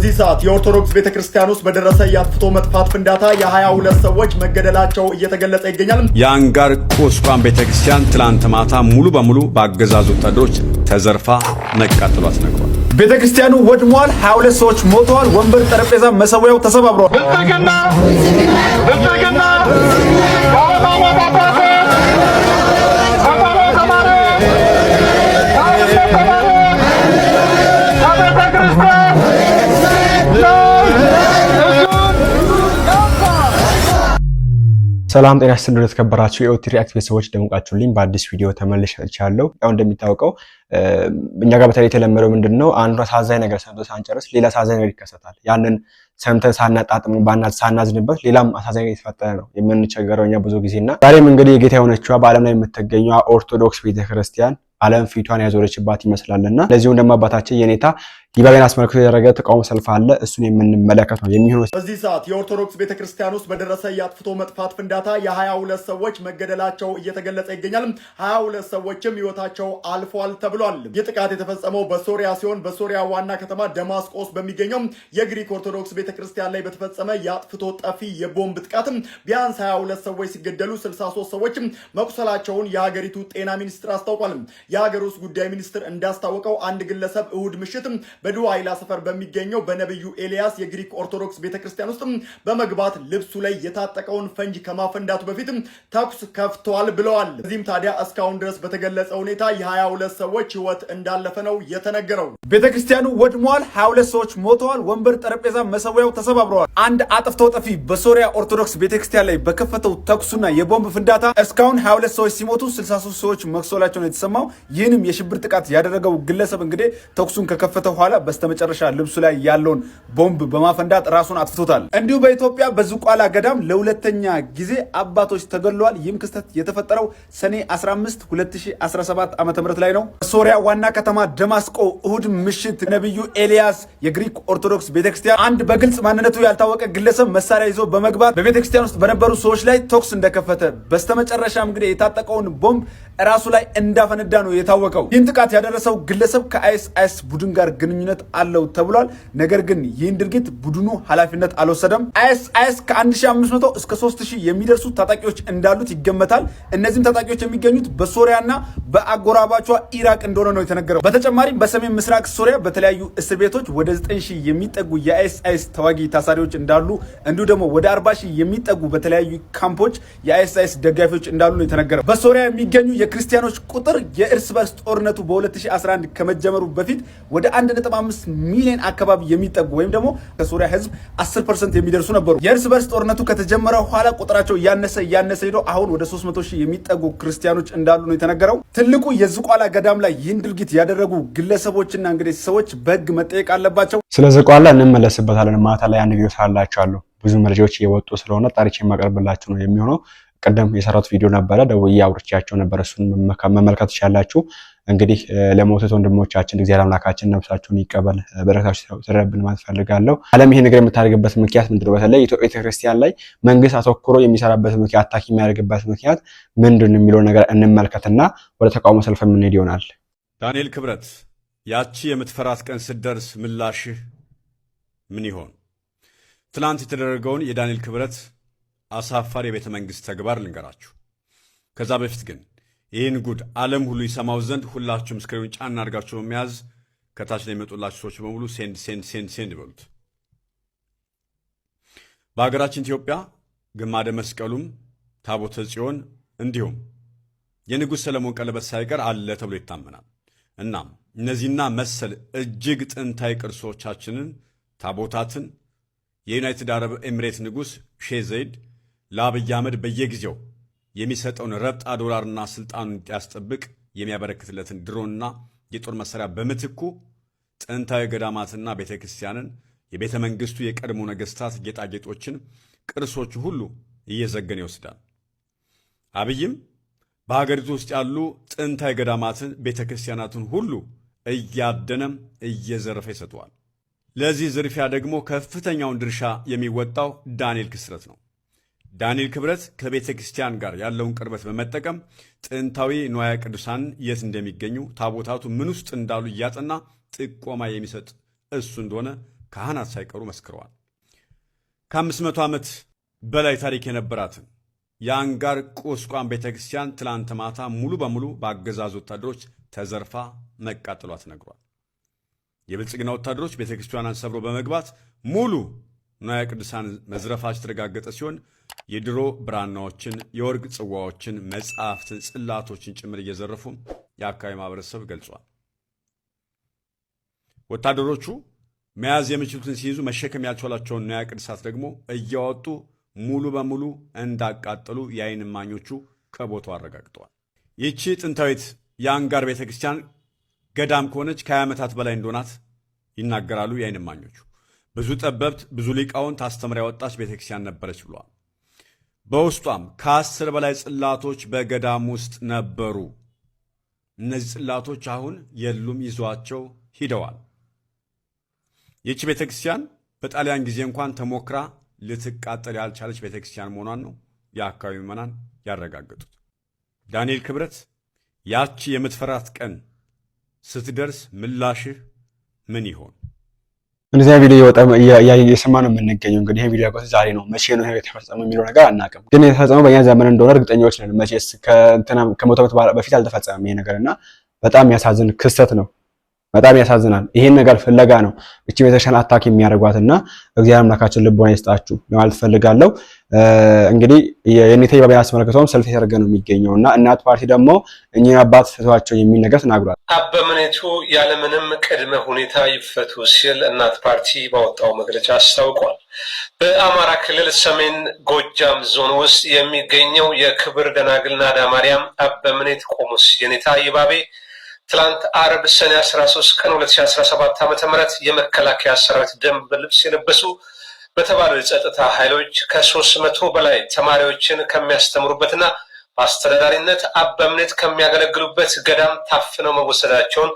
በዚህ ሰዓት የኦርቶዶክስ ቤተ ክርስቲያን ውስጥ በደረሰ የአጥፍቶ መጥፋት ፍንዳታ የ22 ሰዎች መገደላቸው እየተገለጸ ይገኛል። የአንጋር ቁስቋም ቤተ ክርስቲያን ትላንት ማታ ሙሉ በሙሉ በአገዛዙ ወታደሮች ተዘርፋ መቃጠሉ አስነግሯል። ቤተ ክርስቲያኑ ወድሟል። 22 ሰዎች ሞተዋል። ወንበር፣ ጠረጴዛ፣ መሰዊያው ተሰባብረዋል። ሰላም ጤና ይስጥልኝ። የተከበራችሁ የኦቲ አክቲቪቲ ሰዎች ደምቃችሁልኝ በአዲስ ቪዲዮ ተመልሻለሁ። ያው እንደሚታወቀው እኛ ጋር በተለይ የተለመደው ምንድን ነው አንዱ አሳዛኝ ነገር ሰምተን ሳንጨርስ ሌላ አሳዛኝ ነገር ይከሰታል። ያንን ሰምተን ሳናጣጥም ባና ሳናዝንበት ሌላም አሳዛኝ ነገር የተፈጠረ ነው የምንቸገረው እኛ ብዙ ጊዜና ዛሬም እንግዲህ የጌታ የሆነችዋ በዓለም ላይ የምትገኘ ኦርቶዶክስ ቤተክርስቲያን ዓለም ፊቷን ያዞረችባት ይመስላል እና ለዚሁም ደግሞ አባታችን የኔታ ይባቤን አስመልክቶ የደረገ ተቃውሞ ሰልፍ አለ። እሱን የምንመለከት ነው የሚሆነው። በዚህ ሰዓት የኦርቶዶክስ ቤተክርስቲያን ውስጥ በደረሰ የአጥፍቶ መጥፋት ፍንዳታ የሀያ ሁለት ሰዎች መገደላቸው እየተገለጸ ይገኛል። ሀያ ሁለት ሰዎችም ህይወታቸው አልፏል ተብሏል። ይህ ጥቃት የተፈጸመው በሶሪያ ሲሆን በሶሪያ ዋና ከተማ ደማስቆስ በሚገኘው የግሪክ ኦርቶዶክስ ቤተክርስቲያን ላይ በተፈጸመ የአጥፍቶ ጠፊ የቦምብ ጥቃት ቢያንስ ሀያ ሁለት ሰዎች ሲገደሉ ስልሳ ሶስት ሰዎች መቁሰላቸውን የሀገሪቱ ጤና ሚኒስትር አስታውቋል። የሀገር ውስጥ ጉዳይ ሚኒስትር እንዳስታወቀው አንድ ግለሰብ እሁድ ምሽትም በዱ ኃይላ ሰፈር በሚገኘው በነብዩ ኤልያስ የግሪክ ኦርቶዶክስ ቤተክርስቲያን ውስጥ በመግባት ልብሱ ላይ የታጠቀውን ፈንጅ ከማፈንዳቱ በፊት ተኩስ ከፍተዋል ብለዋል። እዚህም ታዲያ እስካሁን ድረስ በተገለጸ ሁኔታ የ22 ሰዎች ህይወት እንዳለፈ ነው የተነገረው። ቤተክርስቲያኑ ወድመዋል፣ 22 ሰዎች ሞተዋል፣ ወንበር፣ ጠረጴዛ፣ መሰዊያው ተሰባብረዋል። አንድ አጥፍቶ ጠፊ በሶሪያ ኦርቶዶክስ ቤተክርስቲያን ላይ በከፈተው ተኩሱና የቦምብ ፍንዳታ እስካሁን 22 ሰዎች ሲሞቱ 63 ሰዎች ነው የተሰማው ይህንም የሽብር ጥቃት ያደረገው ግለሰብ እንግዲህ ተኩሱን ከከፈተ በኋላ በስተመጨረሻ ልብሱ ላይ ያለውን ቦምብ በማፈንዳት ራሱን አጥፍቶታል። እንዲሁ በኢትዮጵያ በዝቋላ ገዳም ለሁለተኛ ጊዜ አባቶች ተገድለዋል። ይህም ክስተት የተፈጠረው ሰኔ 15 2017 ዓ ም ላይ ነው። ሶሪያ ዋና ከተማ ደማስቆ እሁድ ምሽት ነቢዩ ኤልያስ የግሪክ ኦርቶዶክስ ቤተክርስቲያን አንድ በግልጽ ማንነቱ ያልታወቀ ግለሰብ መሳሪያ ይዞ በመግባት በቤተክርስቲያን ውስጥ በነበሩ ሰዎች ላይ ተኩስ እንደከፈተ በስተመጨረሻም እንግዲህ የታጠቀውን ቦምብ ራሱ ላይ እንዳፈነዳ ነው ነው የታወቀው። ይህን ጥቃት ያደረሰው ግለሰብ ከአይስ ቡድን ጋር ግንኙነት አለው ተብሏል። ነገር ግን ይህን ድርጊት ቡድኑ ኃላፊነት አልወሰደም። አይስ ከ1500 እስከ 3000 የሚደርሱ ታጣቂዎች እንዳሉት ይገመታል። እነዚህም ታጣቂዎች የሚገኙት በሶሪያና በአጎራባቿ ኢራቅ እንደሆነ ነው የተነገረው። በተጨማሪም በሰሜን ምስራቅ ሶሪያ በተለያዩ እስር ቤቶች ወደ 9000 የሚጠጉ የአይስ ተዋጊ ታሳሪዎች እንዳሉ እንዲሁ ደግሞ ወደ 40000 የሚጠጉ በተለያዩ ካምፖች የአይስ ደጋፊዎች እንዳሉ ነው የተነገረው። በሶሪያ የሚገኙ የክርስቲያኖች ቁጥር የእርስ በርስ ጦርነቱ በ2011 ከመጀመሩ በፊት ወደ 1.5 ሚሊዮን አካባቢ የሚጠጉ ወይም ደግሞ ከሱሪያ ህዝብ 10 ፐርሰንት የሚደርሱ ነበሩ። የእርስ በርስ ጦርነቱ ከተጀመረ ኋላ ቁጥራቸው እያነሰ እያነሰ ሄዶ አሁን ወደ 300 ሺህ የሚጠጉ ክርስቲያኖች እንዳሉ ነው የተነገረው። ትልቁ የዝቋላ ገዳም ላይ ይህን ድርጊት ያደረጉ ግለሰቦችና እንግዲህ ሰዎች በህግ መጠየቅ አለባቸው። ስለ ዝቋላ እንመለስበታለን። ማታ ላይ አንድ ቪዲዮ ስላላቸው ብዙ መረጃዎች እየወጡ ስለሆነ ጣሪች የማቀርብላችሁ ነው የሚሆነው ቅድም የሰራሁት ቪዲዮ ነበረ ደውዬ አውርቻቸው ነበር። እሱን መመልከት ይቻላችሁ። እንግዲህ ለሞቱት ወንድሞቻችን እግዚአብሔር አምላካችን ነፍሳቸውን ይቀበል፣ በረከታችሁ ትረብን ማለት ፈልጋለሁ። ዓለም ይሄ ነገር የምታደርግበት ምክንያት ምንድነው? በተለይ ኢትዮጵያ ቤተክርስቲያን ላይ መንግስት አተኩሮ የሚሰራበት ምክንያት፣ አታኪ የሚያደርግበት ምክንያት ምንድን የሚለው ነገር እንመልከትና ወደ ተቃውሞ ሰልፍ የምንሄድ ይሆናል። ዳንኤል ክብረት፣ ያቺ የምትፈራት ቀን ስትደርስ ምላሽህ ምን ይሆን? ትናንት የተደረገውን የዳንኤል ክብረት አሳፋሪ የቤተ መንግሥት ተግባር ልንገራችሁ። ከዛ በፊት ግን ይህን ጉድ ዓለም ሁሉ ይሰማው ዘንድ ሁላችሁም ስክሪኑን ጫና አድርጋችሁ በመያዝ ከታች ላይ የመጡላችሁ ሰዎች በሙሉ ሴንድ ሴንድ ሴንድ ሴንድ ይበሉት። በሀገራችን ኢትዮጵያ ግማደ መስቀሉም ታቦተ ጽዮን እንዲሁም የንጉሥ ሰለሞን ቀለበት ሳይቀር አለ ተብሎ ይታመናል። እናም እነዚህና መሰል እጅግ ጥንታዊ ቅርሶቻችንን ታቦታትን የዩናይትድ አረብ ኤሚሬት ንጉሥ ሼህ ዘይድ ለአብይ አህመድ በየጊዜው የሚሰጠውን ረብጣ ዶላርና ስልጣኑን እንዲያስጠብቅ የሚያበረክትለትን ድሮንና የጦር መሳሪያ በምትኩ ጥንታዊ ገዳማትና ቤተ ክርስቲያንን፣ የቤተ መንግሥቱ የቀድሞ ነገሥታት ጌጣጌጦችን፣ ቅርሶቹ ሁሉ እየዘገነ ይወስዳል። አብይም በሀገሪቱ ውስጥ ያሉ ጥንታዊ ገዳማትን፣ ቤተ ክርስቲያናትን ሁሉ እያደነም እየዘረፈ ይሰጠዋል። ለዚህ ዝርፊያ ደግሞ ከፍተኛውን ድርሻ የሚወጣው ዳንኤል ክስረት ነው። ዳንኤል ክብረት ከቤተ ክርስቲያን ጋር ያለውን ቅርበት በመጠቀም ጥንታዊ ንዋያ ቅዱሳን የት እንደሚገኙ ታቦታቱ ምን ውስጥ እንዳሉ እያጠና ጥቆማ የሚሰጥ እሱ እንደሆነ ካህናት ሳይቀሩ መስክረዋል። ከአምስት መቶ ዓመት በላይ ታሪክ የነበራትን የአንጋር ቁስቋም ቤተ ክርስቲያን ትላንት ማታ ሙሉ በሙሉ በአገዛዙ ወታደሮች ተዘርፋ መቃጠሏ ተነግሯል። የብልጽግና ወታደሮች ቤተ ክርስቲያኗን ሰብሮ በመግባት ሙሉ ንዋየ ቅዱሳን መዝረፋች የተረጋገጠ ሲሆን የድሮ ብራናዎችን፣ የወርቅ ጽዋዎችን፣ መጽሐፍትን፣ ጽላቶችን ጭምር እየዘረፉ የአካባቢ ማህበረሰብ ገልጿል። ወታደሮቹ መያዝ የሚችሉትን ሲይዙ መሸከም ያልቻላቸውን ንዋየ ቅድሳት ደግሞ እያወጡ ሙሉ በሙሉ እንዳቃጠሉ የአይን እማኞቹ ከቦታው አረጋግጠዋል። ይቺ ጥንታዊት የአንጋር ቤተ ክርስቲያን ገዳም ከሆነች ከ20 ዓመታት በላይ እንደሆናት ይናገራሉ የአይን እማኞቹ። ብዙ ጠበብት፣ ብዙ ሊቃውንት አስተምራ ያወጣች ቤተ ክርስቲያን ነበረች ብለዋል። በውስጧም ከአስር በላይ ጽላቶች በገዳም ውስጥ ነበሩ። እነዚህ ጽላቶች አሁን የሉም፣ ይዟቸው ሂደዋል። ይቺ ቤተ ክርስቲያን በጣሊያን ጊዜ እንኳን ተሞክራ ልትቃጠል ያልቻለች ቤተ ክርስቲያን መሆኗን ነው የአካባቢ ምዕመናን ያረጋገጡት። ዳንኤል ክብረት ያቺ የምትፈራት ቀን ስትደርስ ምላሽህ ምን ይሆን? እንደዚህ ቪዲዮ የወጣ የሰማ ነው የምንገኘው። እንግዲህ ይሄ ቪዲዮ ያቆስ ዛሬ ነው መቼ ነው ይሄ የተፈጸመው የሚለው ነገር አናውቅም፣ ግን የተፈጸመው በእኛ ዘመን እንደሆነ እርግጠኛዎች ነን። መቼስ ከእንትና ከመቶ ዓመት በፊት አልተፈጸመም ይሄ ነገር እና በጣም የሚያሳዝን ክስተት ነው። በጣም ያሳዝናል። ይሄን ነገር ፍለጋ ነው እቺ ቤተክርስቲያን አታክ የሚያደርጓትና እግዚአብሔር አምላካችን ልቦና ይስጣችሁ ለማለት ፈልጋለሁ። እንግዲህ የኔቴ ባባ አስመልክቶም ሰልፍ የተደረገ ነው የሚገኘው እና እናት ፓርቲ ደግሞ እኚህ አባት ፍቷቸው የሚል ነገር ተናግሯል። አበምኔቱ ያለምንም ቅድመ ሁኔታ ይፈቱ ሲል እናት ፓርቲ ባወጣው መግለጫ አስታውቋል። በአማራ ክልል ሰሜን ጎጃም ዞን ውስጥ የሚገኘው የክብር ደናግል ናዳ ማርያም አበምኔት ቆሞስ የኔታ ይባቤ ትላንት አረብ ሰኔ 13 ቀን 2017 ዓ ም የመከላከያ ሰራዊት ደንብ ልብስ የለበሱ በተባሉ የጸጥታ ኃይሎች ከሶስት መቶ በላይ ተማሪዎችን ከሚያስተምሩበትና በአስተዳዳሪነት አበምኔት ከሚያገለግሉበት ገዳም ታፍነው መወሰዳቸውን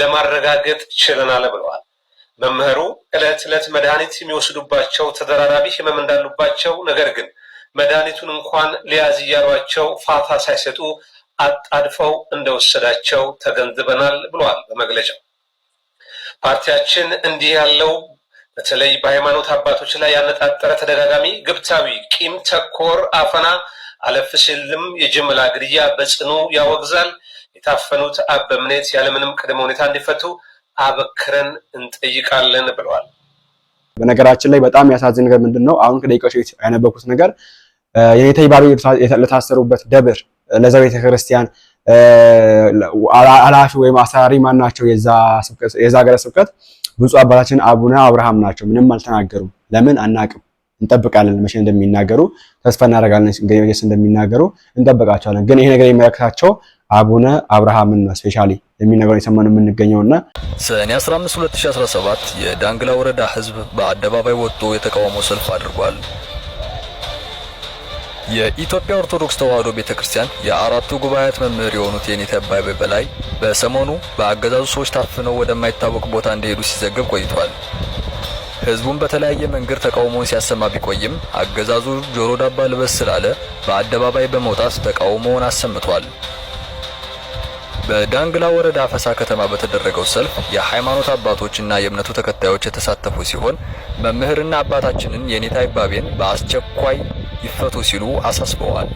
ለማረጋገጥ ችለናል ብለዋል። መምህሩ ዕለት ዕለት መድኃኒት የሚወስዱባቸው ተደራራቢ ህመም እንዳሉባቸው ነገር ግን መድኃኒቱን እንኳን ሊያዝ እያሏቸው ፋታ ሳይሰጡ አጣድፈው እንደወሰዳቸው ተገንዝበናል ብለዋል በመግለጫው። ፓርቲያችን እንዲህ ያለው በተለይ በሃይማኖት አባቶች ላይ ያነጣጠረ ተደጋጋሚ ግብታዊ ቂም ተኮር አፈና አለፍ ሲልም የጅምላ ግድያ በጽኑ ያወግዛል። የታፈኑት አበምኔት ያለምንም ቅድመ ሁኔታ እንዲፈቱ አበክረን እንጠይቃለን ብለዋል። በነገራችን ላይ በጣም ያሳዝን ነገር ምንድን ነው? አሁን ከደቂቃዎች ያነበኩት ነገር የኔታ ይባቤ ለታሰሩበት ደብር ለዛ ቤተክርስቲያን ኃላፊ ወይም አሰራሪ ማን ናቸው? የዛ ሀገረ ስብከት ብዙ አባታችን አቡነ አብርሃም ናቸው። ምንም አልተናገሩም። ለምን አናቅም። እንጠብቃለን መቼ እንደሚናገሩ ተስፋ እናደርጋለን። ገስ እንደሚናገሩ እንጠብቃቸዋለን። ግን ይሄ ነገር የሚመለከታቸው አቡነ አብርሃምን ነው። ስፔሻሊ የሚነገሩ የሰማነው የምንገኘው እና ሰኔ 15 2017 የዳንግላ ወረዳ ህዝብ በአደባባይ ወጥቶ የተቃውሞ ሰልፍ አድርጓል። የኢትዮጵያ ኦርቶዶክስ ተዋሕዶ ቤተ ክርስቲያን የአራቱ ጉባኤያት መምህር የሆኑት የኔታ አባይ በላይ በሰሞኑ በአገዛዙ ሰዎች ታፍነው ወደማይታወቅ ቦታ እንደሄዱ ሲዘግብ ቆይቷል። ህዝቡን በተለያየ መንገድ ተቃውሞውን ሲያሰማ ቢቆይም አገዛዙ ጆሮ ዳባ ልበስ ስላለ በአደባባይ በመውጣት ተቃውሞውን አሰምቷል። በዳንግላ ወረዳ አፈሳ ከተማ በተደረገው ሰልፍ የሃይማኖት አባቶች እና የእምነቱ ተከታዮች የተሳተፉ ሲሆን መምህርና አባታችንን የኔታ ይባቤን በአስቸኳይ ይፈቱ ሲሉ አሳስበዋል።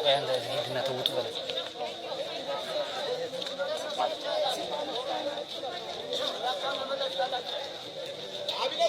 Orenda rinne totvel. Abi ne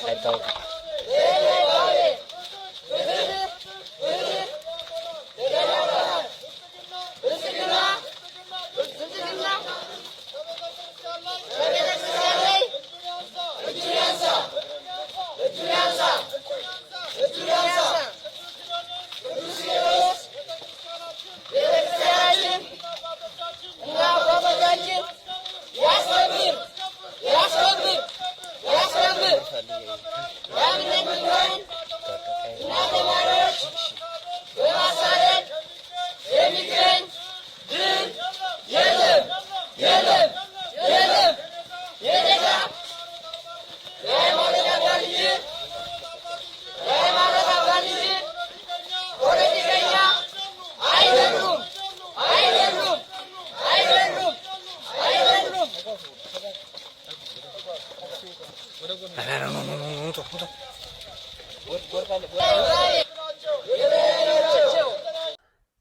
太逗了。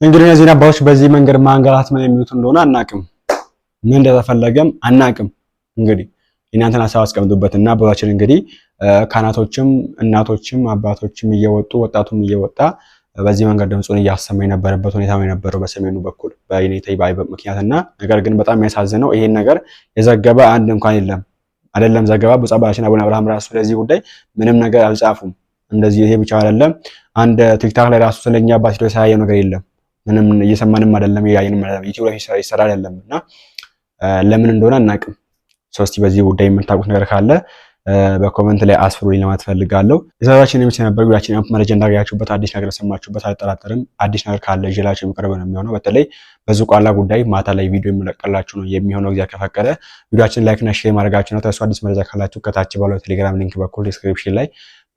እንግዲህ እነዚህን አባቶች በዚህ መንገድ ማንገላት ምን የሚሉት እንደሆነ አናቅም፣ ምን እንደተፈለገም አናቅም። እንግዲህ እናንተን ሀሳብ አስቀምጡበት እና አባቶችን እንግዲህ ካህናቶችም እናቶችም አባቶችም እየወጡ ወጣቱም እየወጣ በዚህ መንገድ ድምፁን እያሰማ የነበረበት ሁኔታ ነው የነበረው በሰሜኑ በኩል በዩኒቲ ባይ ምክንያት እና ነገር ግን በጣም የሚያሳዝነው ይሄን ነገር የዘገበ አንድ እንኳን የለም። አይደለም ዘገባ ብፁዕ አባታችን አቡነ አብርሃም ራሱ ስለዚህ ጉዳይ ምንም ነገር አልጻፉም። እንደዚህ ይሄ ብቻ አይደለም። አንድ ቲክታክ ላይ ራሱ ስለኛ አባት ሄዶ ነገር የለም። ምንም እየሰማንም አይደለም፣ እያየንም አይደለም። ዩቲዩብ ላይ ይሰራ አይደለም እና ለምን እንደሆነ አናቅም። ሶስቲ በዚህ ጉዳይ የምታውቁት ነገር ካለ በኮመንት ላይ አስፍሩልኝ ለማለት ፈልጋለሁ። የሰራችን የሚስ ነበር ጉዳችን ያምፕ መረጃ እንዳገኛችሁበት አዲስ ነገር ሰማችሁበት አልጠራጠርም። አዲስ ነገር ካለ ይዤላችሁ የሚቀርብ ነው የሚሆነው። በተለይ በዝቋላ ጉዳይ ማታ ላይ ቪዲዮ የምለቀላችሁ ነው የሚሆነው እግዚአብሔር ከፈቀደ። ቪዲዮችን ላይክ እና ሼር ማድረጋችሁ ነው ተስፋ። አዲስ መረጃ ካላችሁ ከታች ባለው ቴሌግራም ሊንክ በኩል ዲስክሪፕሽን ላይ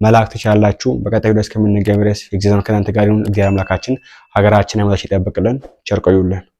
መላክ ትችላላችሁ። በቀጣይ ቪዲዮ እስከምንገናኝ ድረስ እግዚአብሔር ከእናንተ ጋር ይሁን። እግዚአብሔር አምላካችን ሀገራችን አመታችን ይጠብቅልን። ቸር ቆዩልን።